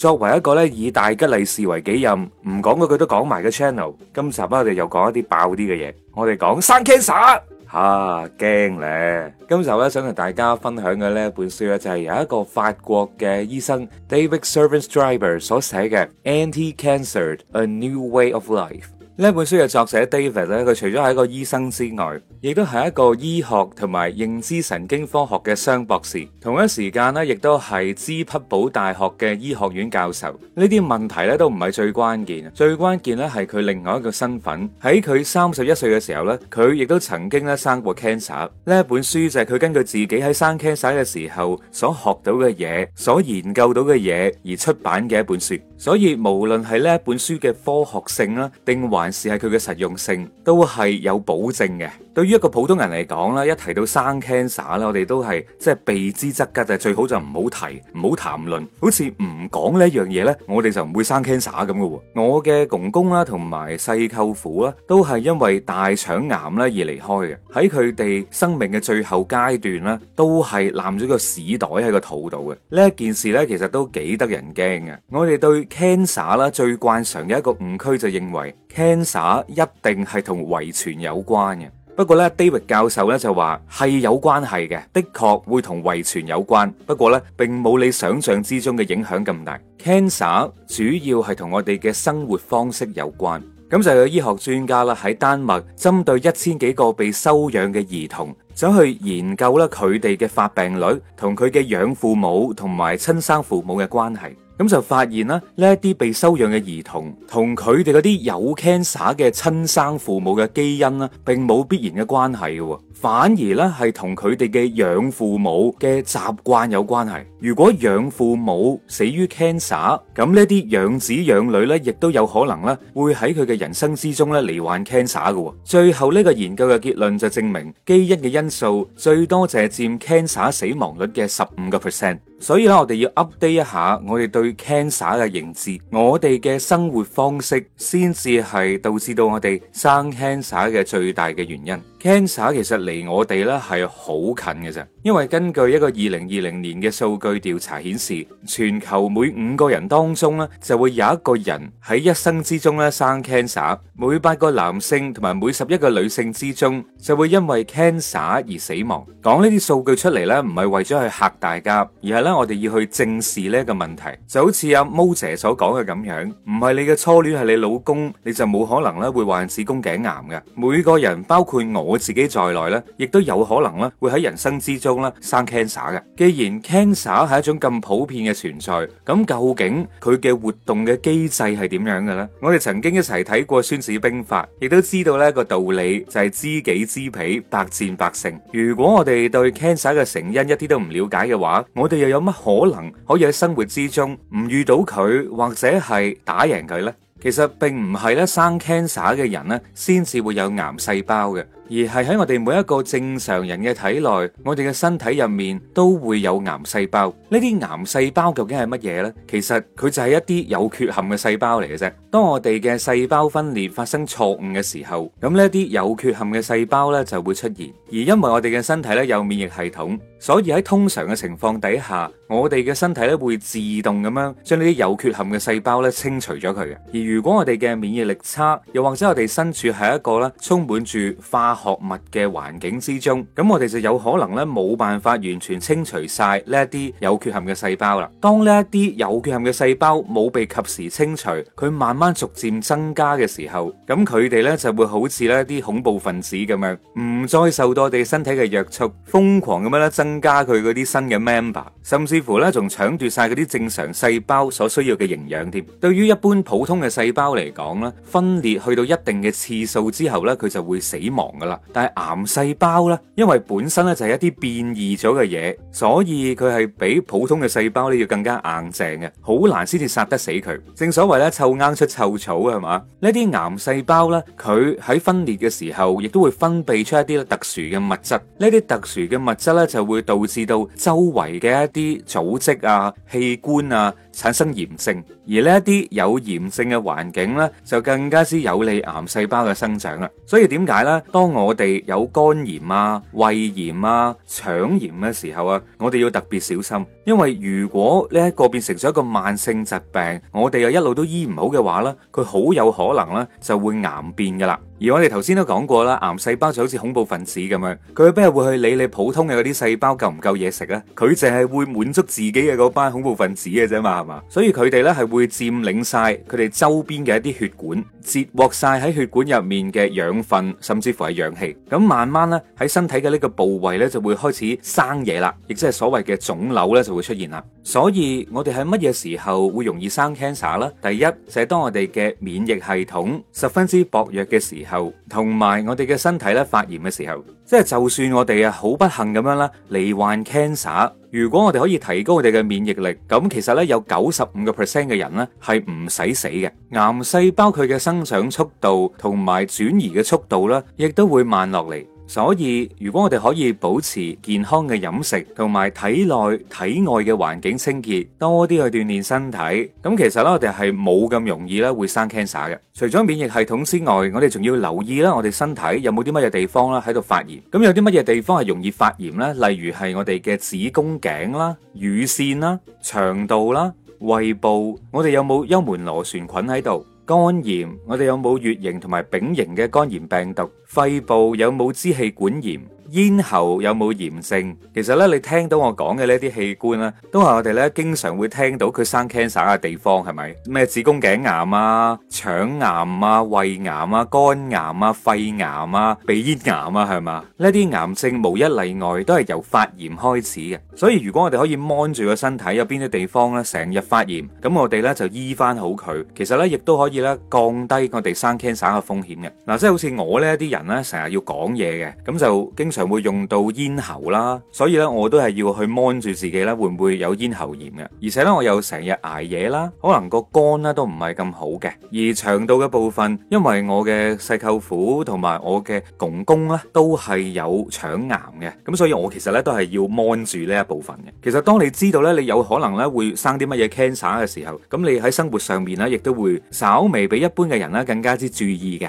作為一個咧以大吉利是為己任，唔講嗰句都講埋嘅 channel，今集咧我哋又講一啲爆啲嘅嘢，我哋講生 cancer 啊，驚咧。今集咧想同大家分享嘅咧本書咧就係由一個法國嘅醫生 David Servant Driver 所寫嘅《Anti Cancer: A New Way of Life》。呢本書嘅作者 David 咧，佢除咗係一個醫生之外，亦都係一個醫學同埋認知神經科學嘅雙博士，同一時間呢亦都係芝匹堡大學嘅醫學院教授。呢啲問題咧都唔係最關鍵，最關鍵咧係佢另外一個身份。喺佢三十一歲嘅時候咧，佢亦都曾經咧生過 cancer。呢一本書就係佢根據自己喺生 cancer 嘅時候所學到嘅嘢，所研究到嘅嘢而出版嘅一本書。所以無論係呢一本書嘅科學性啦，定還是係佢嘅實用性，都係有保證嘅。對於一個普通人嚟講咧，一提到生 cancer 啦，我哋都係即係避之則吉，但最好就唔好提，唔好談論。好似唔講呢一樣嘢咧，我哋就唔會生 cancer 咁噶。我嘅公公啦，同埋細舅父啦，都係因為大腸癌咧而離開嘅。喺佢哋生命嘅最後階段咧，都係攬咗個屎袋喺個肚度嘅。呢一件事咧，其實都幾得人驚嘅。我哋對 cancer 啦，最慣常有一個誤區，就認為 cancer 一定係同遺傳有關嘅。不過咧，David 教授咧就話係有關係嘅，的確會同遺傳有關。不過咧，並冇你想象之中嘅影響咁大。cancer 主要係同我哋嘅生活方式有關。咁就有醫學專家啦，喺丹麥針對一千幾個被收養嘅兒童，想去研究咧佢哋嘅發病率同佢嘅養父母同埋親生父母嘅關係。咁就發現呢、啊，呢一啲被收養嘅兒童，同佢哋嗰啲有 cancer 嘅親生父母嘅基因呢、啊，並冇必然嘅關係嘅喎，反而呢係同佢哋嘅養父母嘅習慣有關係。如果養父母死於 cancer，咁呢啲養子養女咧，亦都有可能咧，會喺佢嘅人生之中咧，罹患 cancer 嘅喎、哦。最後呢個研究嘅結論就證明，基因嘅因素最多就係佔 cancer 死亡率嘅十五個 percent。所以咧，我哋要 update 一下我哋對 cancer 嘅認知，我哋嘅生活方式先至係導致到我哋生 cancer 嘅最大嘅原因。cancer 其實離我哋咧係好近嘅啫，因為根據一個二零二零年嘅數據調查顯示，全球每五個人當中咧就會有一個人喺一生之中咧生 cancer，每八個男性同埋每十一個女性之中就會因為 cancer 而死亡。講呢啲數據出嚟呢，唔係為咗去嚇大家，而係咧我哋要去正視呢一個問題。就好似阿毛姐所講嘅咁樣，唔係你嘅初戀係你老公，你就冇可能咧會患子宮頸癌嘅。每個人包括我。我自己在內呢，亦都有可能呢，會喺人生之中呢生 cancer 嘅。既然 cancer 係一種咁普遍嘅存在，咁究竟佢嘅活動嘅機制係點樣嘅呢？我哋曾經一齊睇過《孫子兵法》，亦都知道呢個道理就係知己知彼，百戰百勝。如果我哋對 cancer 嘅成因一啲都唔了解嘅話，我哋又有乜可能可以喺生活之中唔遇到佢，或者係打贏佢呢？其實並唔係呢生 cancer 嘅人呢，先至會有癌細胞嘅。而係喺我哋每一個正常人嘅體內，我哋嘅身體入面都會有癌細胞。呢啲癌細胞究竟係乜嘢呢？其實佢就係一啲有缺陷嘅細胞嚟嘅啫。當我哋嘅細胞分裂發生錯誤嘅時候，咁呢啲有缺陷嘅細胞呢就會出現。而因為我哋嘅身體呢有免疫系統，所以喺通常嘅情況底下，我哋嘅身體呢會自動咁樣將呢啲有缺陷嘅細胞呢清除咗佢嘅。而如果我哋嘅免疫力差，又或者我哋身處係一個呢充滿住化學物嘅環境之中，咁我哋就有可能呢冇辦法完全清除晒呢一啲有缺陷嘅細胞啦。當呢一啲有缺陷嘅細胞冇被及時清除，佢慢慢逐漸增加嘅時候，咁佢哋呢就會好似呢啲恐怖分子咁樣，唔再受到我哋身體嘅約束，瘋狂咁樣咧增加佢嗰啲新嘅 member，甚至乎呢仲搶奪晒嗰啲正常細胞所需要嘅營養添。對於一般普通嘅細胞嚟講咧，分裂去到一定嘅次數之後呢，佢就會死亡噶啦。但係癌細胞咧，因為本身咧就係一啲變異咗嘅嘢，所以佢係比普通嘅細胞咧要更加硬淨嘅，好難先至殺得死佢。正所謂咧，臭罌出臭草係嘛。呢啲癌細胞咧，佢喺分裂嘅時候，亦都會分泌出一啲特殊嘅物質。呢啲特殊嘅物質咧，就會導致到周圍嘅一啲組織啊、器官啊產生炎症。而呢一啲有炎症嘅環境咧，就更加之有利癌細胞嘅生長啦。所以點解咧？當我哋有肝炎啊、胃炎啊、腸炎嘅時候啊，我哋要特別小心，因為如果呢一個變成咗一個慢性疾病，我哋又一路都醫唔好嘅話呢，佢好有可能呢就會癌變噶啦。而我哋頭先都講過啦，癌細胞就好似恐怖分子咁樣，佢邊係會去理你普通嘅嗰啲細胞夠唔夠嘢食啊？佢淨係會滿足自己嘅嗰班恐怖分子嘅啫嘛，係嘛？所以佢哋咧係會佔領晒佢哋周邊嘅一啲血管，截獲晒喺血管入面嘅養分，甚至乎係氧氣。咁慢慢咧喺身體嘅呢個部位咧就會開始生嘢啦，亦即係所謂嘅腫瘤咧就會出現啦。所以我哋喺乜嘢時候會容易生 cancer 咧？第一就係、是、當我哋嘅免疫系統十分之薄弱嘅時候。後同埋我哋嘅身體咧發炎嘅時候，即係就算我哋啊好不幸咁樣咧嚟患 cancer，如果我哋可以提高我哋嘅免疫力，咁其實咧有九十五個 percent 嘅人咧係唔使死嘅。癌細胞佢嘅生長速度同埋轉移嘅速度咧，亦都會慢落嚟。所以，如果我哋可以保持健康嘅飲食，同埋體內體外嘅環境清潔，多啲去鍛煉身體，咁其實咧我哋係冇咁容易咧會生 cancer 嘅。除咗免疫系統之外，我哋仲要留意啦，我哋身體有冇啲乜嘢地方咧喺度發炎？咁有啲乜嘢地方係容易發炎呢？例如係我哋嘅子宮頸啦、乳腺啦、腸道啦、胃部，我哋有冇幽門螺旋菌喺度？肝炎，我哋有冇乙型同埋丙型嘅肝炎病毒？肺部有冇支氣管炎？咽喉有冇炎症？其實咧，你聽到我講嘅呢啲器官咧，都係我哋咧經常會聽到佢生 cancer 嘅地方，係咪？咩子宮頸癌啊、腸癌啊、胃癌啊、肝癌啊、肺癌啊、鼻咽癌啊，係嘛？呢啲癌症無一例外都係由發炎開始嘅。所以如果我哋可以 mon 住個身體有邊啲地方咧，成日發炎，咁我哋咧就醫翻好佢。其實咧，亦都可以咧降低我哋生 cancer 嘅風險嘅。嗱，即係好似我呢一啲人咧，成日要講嘢嘅，咁就經常。就會用到咽喉啦，所以咧我都係要去 mon 住自己咧會唔會有咽喉炎嘅，而且咧我又成日挨夜啦，可能個肝咧都唔係咁好嘅，而腸道嘅部分，因為我嘅細舅父同埋我嘅公公咧都係有腸癌嘅，咁所以我其實咧都係要 mon 住呢一部分嘅。其實當你知道咧你有可能咧會生啲乜嘢 cancer 嘅時候，咁你喺生活上面咧亦都會稍微比一般嘅人咧更加之注意嘅。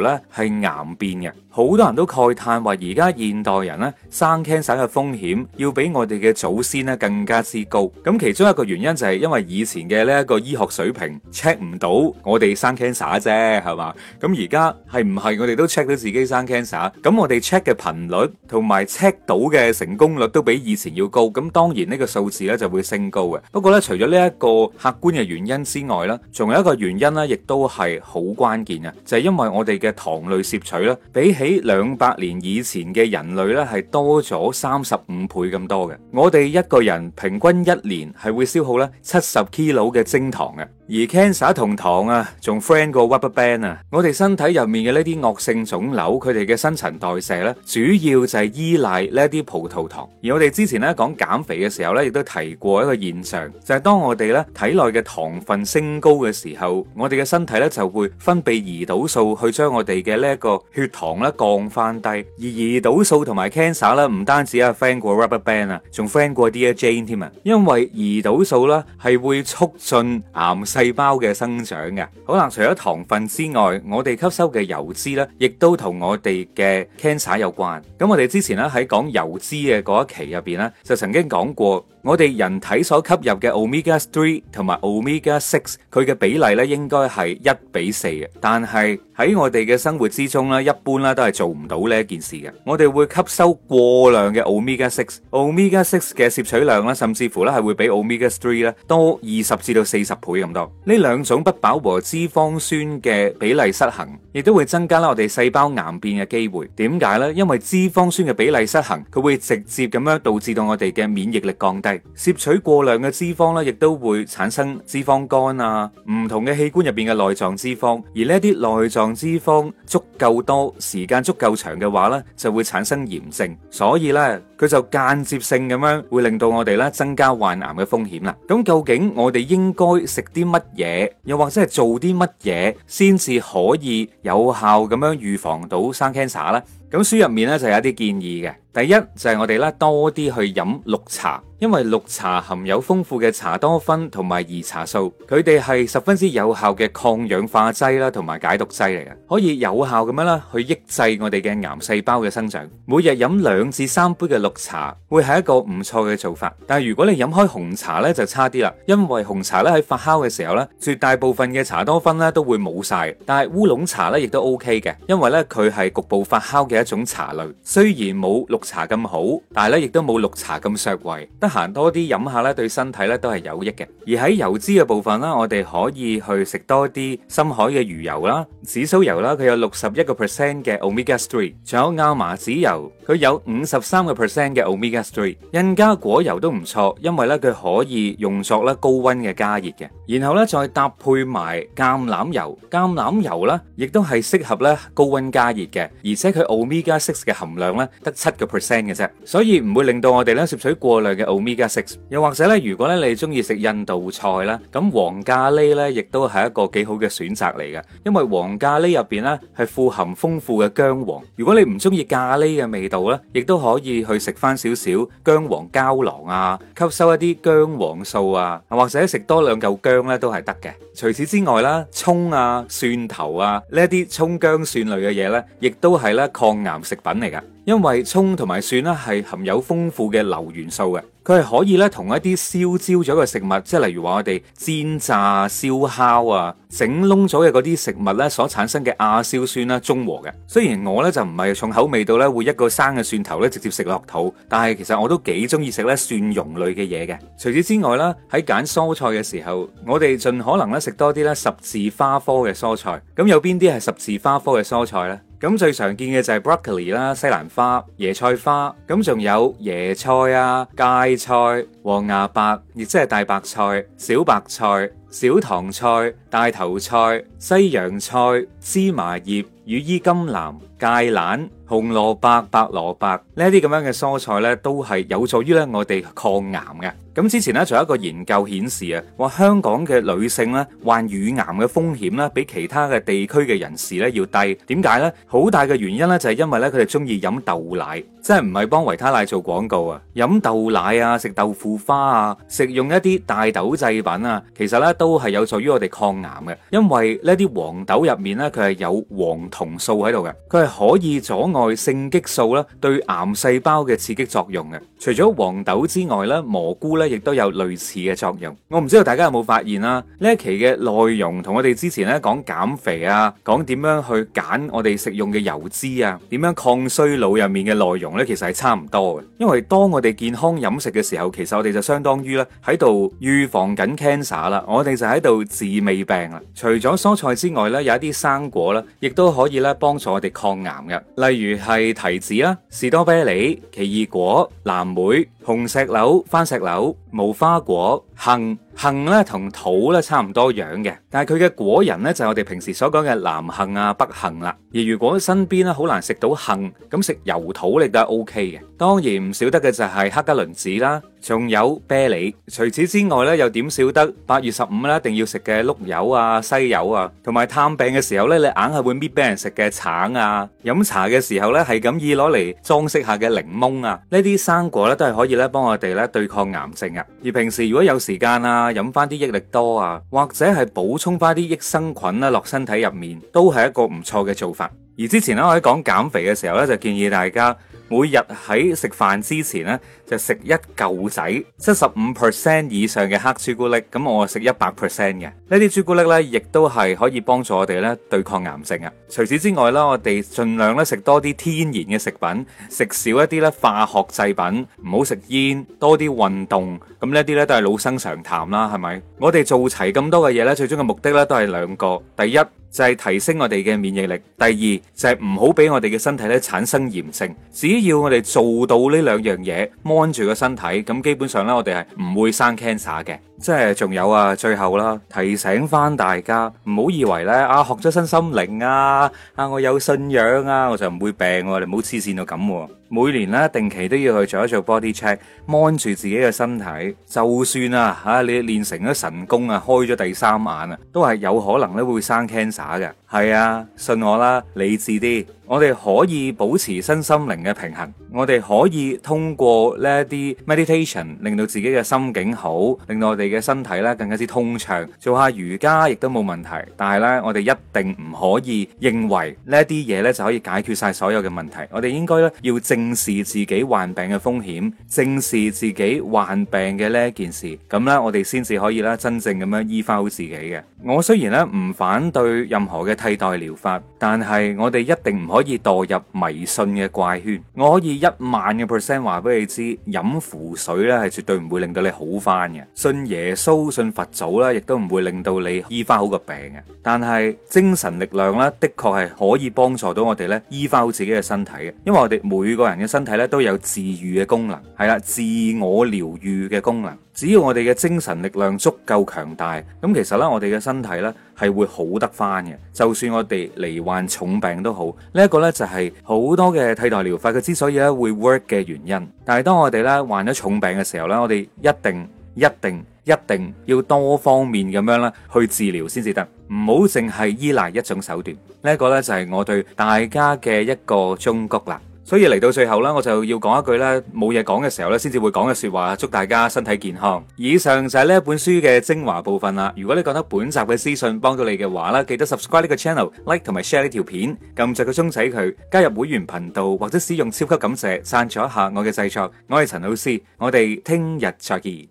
咧係癌變嘅，好多人都慨嘆話，而家現代人咧生 cancer 嘅風險要比我哋嘅祖先咧更加之高。咁其中一個原因就係因為以前嘅呢一個醫學水平 check 唔到我哋生 cancer 啫，係嘛？咁而家係唔係我哋都 check 到自己生 cancer？咁我哋 check 嘅頻率同埋 check 到嘅成功率都比以前要高。咁當然呢個數字咧就會升高嘅。不過咧，除咗呢一個客觀嘅原因之外咧，仲有一個原因咧，亦都係好關鍵嘅，就係因為我哋。嘅糖類攝取咧，比起兩百年以前嘅人類咧，係多咗三十五倍咁多嘅。我哋一個人平均一年係會消耗咧七十 kilo 嘅精糖嘅。而 cancer 同糖啊，仲 friend 過 Rubberband 啊！我哋身體入面嘅呢啲惡性腫瘤，佢哋嘅新陳代謝咧，主要就係依賴呢一啲葡萄糖。而我哋之前咧講減肥嘅時候咧，亦都提過一個現象，就係當我哋咧體內嘅糖分升高嘅時候，我哋嘅身體咧就會分泌胰島素去將我哋嘅呢一個血糖咧降翻低。而胰島素同埋 cancer 咧，唔單止啊 friend 過 Rubberband 啊，仲 friend 過 Dear Jane 添啊！因為胰島素咧係會促進癌細細胞嘅生長嘅，可能，除咗糖分之外，我哋吸收嘅油脂咧，亦都同我哋嘅 cancer 有關。咁我哋之前咧喺講油脂嘅嗰一期入邊咧，就曾經講過，我哋人體所吸入嘅 omega three 同埋 omega six，佢嘅比例咧應該係一比四嘅。但係喺我哋嘅生活之中咧，一般咧都係做唔到呢一件事嘅。我哋會吸收過量嘅 omega six，omega six 嘅攝取量咧，甚至乎咧係會比 omega three 咧多二十至到四十倍咁多。呢兩種不飽和脂肪酸嘅比例失衡，亦都會增加啦我哋細胞癌變嘅機會。點解呢？因為脂肪酸嘅比例失衡，佢會直接咁樣導致到我哋嘅免疫力降低。攝取過量嘅脂肪咧，亦都會產生脂肪肝啊。唔同嘅器官入邊嘅內臟脂肪，而呢啲內臟脂肪足夠多、時間足夠長嘅話呢，就會產生炎症。所以呢，佢就間接性咁樣會令到我哋咧增加患癌嘅風險啦。咁究竟我哋應該食啲乜嘢，又或者係做啲乜嘢，先至可以有效咁樣預防到生 cancer 咧？咁書入面咧就有一啲建議嘅。第一就係、是、我哋咧多啲去飲綠茶，因為綠茶含有豐富嘅茶多酚同埋兒茶素，佢哋係十分之有效嘅抗氧化劑啦，同埋解毒劑嚟嘅，可以有效咁樣咧去抑制我哋嘅癌細胞嘅生長。每日飲兩至三杯嘅綠茶會係一個唔錯嘅做法。但係如果你飲開紅茶呢，就差啲啦，因為紅茶咧喺發酵嘅時候咧，絕大部分嘅茶多酚咧都會冇晒。但係烏龍茶呢，亦都 OK 嘅，因為咧佢係局部發酵嘅一種茶類，雖然冇綠茶咁好，但係咧亦都冇綠茶咁削胃，得閒多啲飲下咧，對身體咧都係有益嘅。而喺油脂嘅部分啦，我哋可以去食多啲深海嘅魚油啦、紫蘇油啦，佢有六十一個 percent 嘅 omega three，仲有亞麻籽油，佢有五十三個 percent 嘅 omega three。印加果油都唔錯，因為咧佢可以用作咧高温嘅加熱嘅。然後咧再搭配埋橄欖油，橄欖油咧亦都係適合咧高温加熱嘅，而且佢 omega six 嘅含量咧得七個。percent 嘅啫，所以唔會令到我哋咧攝取過量嘅 omega six。又或者咧，如果咧你中意食印度菜啦，咁黃咖喱咧，亦都係一個幾好嘅選擇嚟嘅。因為黃咖喱入邊咧係富含豐富嘅姜黃。如果你唔中意咖喱嘅味道咧，亦都可以去食翻少少姜黃膠囊啊，吸收一啲姜黃素啊，或者食多兩嚿姜咧都係得嘅。除此之外啦，蔥啊、蒜頭啊呢一啲蔥姜蒜類嘅嘢咧，亦都係咧抗癌食品嚟㗎。因為蔥同埋蒜咧係含有豐富嘅硫元素嘅，佢係可以咧同一啲燒焦咗嘅食物，即係例如話我哋煎炸、燒烤啊、整燶咗嘅嗰啲食物咧所產生嘅亞硝酸啦中和嘅。雖然我咧就唔係重口味到咧會一個生嘅蒜頭咧直接食落肚，但係其實我都幾中意食咧蒜蓉類嘅嘢嘅。除此之外咧，喺揀蔬菜嘅時候，我哋盡可能咧食多啲咧十字花科嘅蔬菜。咁有邊啲係十字花科嘅蔬菜呢？咁最常見嘅就係 broccoli 啦，西蘭花、椰菜花，咁仲有椰菜啊、芥菜、黃芽白，亦即係大白菜、小白菜、小棠菜、大頭菜、西洋菜、芝麻葉。羽衣甘藍、芥蘭、紅蘿蔔、白蘿蔔呢啲咁樣嘅蔬菜呢，都係有助於呢我哋抗癌嘅。咁之前呢，仲有一個研究顯示啊，話香港嘅女性呢，患乳癌嘅風險呢，比其他嘅地區嘅人士呢要低。點解呢？好大嘅原因呢，就係因為呢，佢哋鍾意飲豆奶。即係唔係幫維他奶做廣告啊？飲豆奶啊，食豆腐花啊，食用一啲大豆製品啊，其實呢都係有助於我哋抗癌嘅。因為呢啲黃豆入面呢，佢係有黃酮素喺度嘅，佢係可以阻礙性激素啦對癌細胞嘅刺激作用嘅。除咗黃豆之外呢，蘑菇呢亦都有類似嘅作用。我唔知道大家有冇發現啊，呢一期嘅內容同我哋之前呢講減肥啊，講點樣去揀我哋食用嘅油脂啊，點樣抗衰老入面嘅內容。咧其實係差唔多嘅，因為當我哋健康飲食嘅時候，其實我哋就相當於咧喺度預防緊 cancer 啦，我哋就喺度治未病啦。除咗蔬菜之外咧，有一啲生果咧，亦都可以咧幫助我哋抗癌嘅，例如係提子啦、士多啤梨、奇異果、藍莓、紅石榴、番石榴、無花果、杏。杏咧同桃咧差唔多樣嘅，但係佢嘅果仁咧就係我哋平時所講嘅南杏啊、北杏啦。而如果身邊咧好難食到杏，咁食油桃亦都係 O K 嘅。當然唔少得嘅就係黑加崙子啦。仲有啤梨，除此之外咧，又點少得八月十五啦，一定要食嘅碌柚啊、西柚啊，同埋探病嘅時候咧，你硬係會搣俾人食嘅橙啊，飲茶嘅時候咧，係咁意攞嚟裝飾下嘅檸檬啊，水呢啲生果咧都係可以咧幫我哋咧對抗癌症啊。而平時如果有時間啊，飲翻啲益力多啊，或者係補充翻啲益生菌啦，落身體入面都係一個唔錯嘅做法。而之前咧，我喺講減肥嘅時候咧，就建議大家。每日喺食飯之前呢，就食一舊仔七十五 percent 以上嘅黑朱古力，咁我食一百 percent 嘅呢啲朱古力呢，亦都係可以幫助我哋呢對抗癌症啊！除此之外啦，我哋盡量呢食多啲天然嘅食品，食少一啲呢化學製品，唔好食煙，多啲運動，咁呢啲呢，都係老生常談啦，係咪？我哋做齊咁多嘅嘢呢，最終嘅目的呢，都係兩個，第一。就係提升我哋嘅免疫力。第二就係唔好俾我哋嘅身體咧產生炎症。只要我哋做到呢兩樣嘢，摸住個身體，咁基本上咧我哋係唔會生 cancer 嘅。即係仲有啊，最後啦，提醒翻大家，唔好以為呢啊學咗身心靈啊，啊我有信仰啊，我就唔會病喎，啊。你唔好黐線到咁。每年呢，定期都要去做一做 body check，監住自己嘅身體。就算啊嚇、啊、你練成咗神功啊，開咗第三眼啊，都係有可能咧會生 cancer 嘅。係啊，信我啦，理智啲。我哋可以保持身心靈嘅平衡，我哋可以通過呢一啲 meditation，令到自己嘅心境好，令到我哋嘅身體咧更加之通暢。做下瑜伽亦都冇問題。但係咧，我哋一定唔可以認為呢一啲嘢咧就可以解決晒所有嘅問題。我哋應該咧要正視自己患病嘅風險，正視自己患病嘅呢一件事。咁咧，我哋先至可以咧真正咁樣醫翻好自己嘅。我雖然咧唔反對任何嘅。替代療法，但係我哋一定唔可以墮入迷信嘅怪圈。我可以一萬嘅 percent 話俾你知，飲符水咧係絕對唔會令到你好翻嘅。信耶穌、信佛祖咧，亦都唔會令到你醫翻好個病嘅。但係精神力量咧，的確係可以幫助到我哋咧醫翻好自己嘅身體嘅，因為我哋每個人嘅身體咧都有自愈嘅功能，係啦，自我療愈嘅功能。只要我哋嘅精神力量足夠強大，咁其實呢，我哋嘅身體呢係會好得翻嘅。就算我哋罹患重病都好，呢一個呢就係好多嘅替代療法，佢之所以咧會 work 嘅原因。但係當我哋呢患咗重病嘅時候呢，我哋一定、一定、一定要多方面咁樣咧去治療先至得，唔好淨係依賴一種手段。呢一個呢就係我對大家嘅一個忠告啦。所以嚟到最後啦，我就要講一句咧，冇嘢講嘅時候咧，先至會講嘅說話，祝大家身體健康。以上就係呢一本書嘅精華部分啦。如果你覺得本集嘅資訊幫到你嘅話咧，記得 subscribe 呢個 channel，like 同埋 share 呢條片，撳著個鐘仔佢，加入會員頻道或者使用超級感謝，贊助一下我嘅製作。我係陳老 C，我哋聽日再見。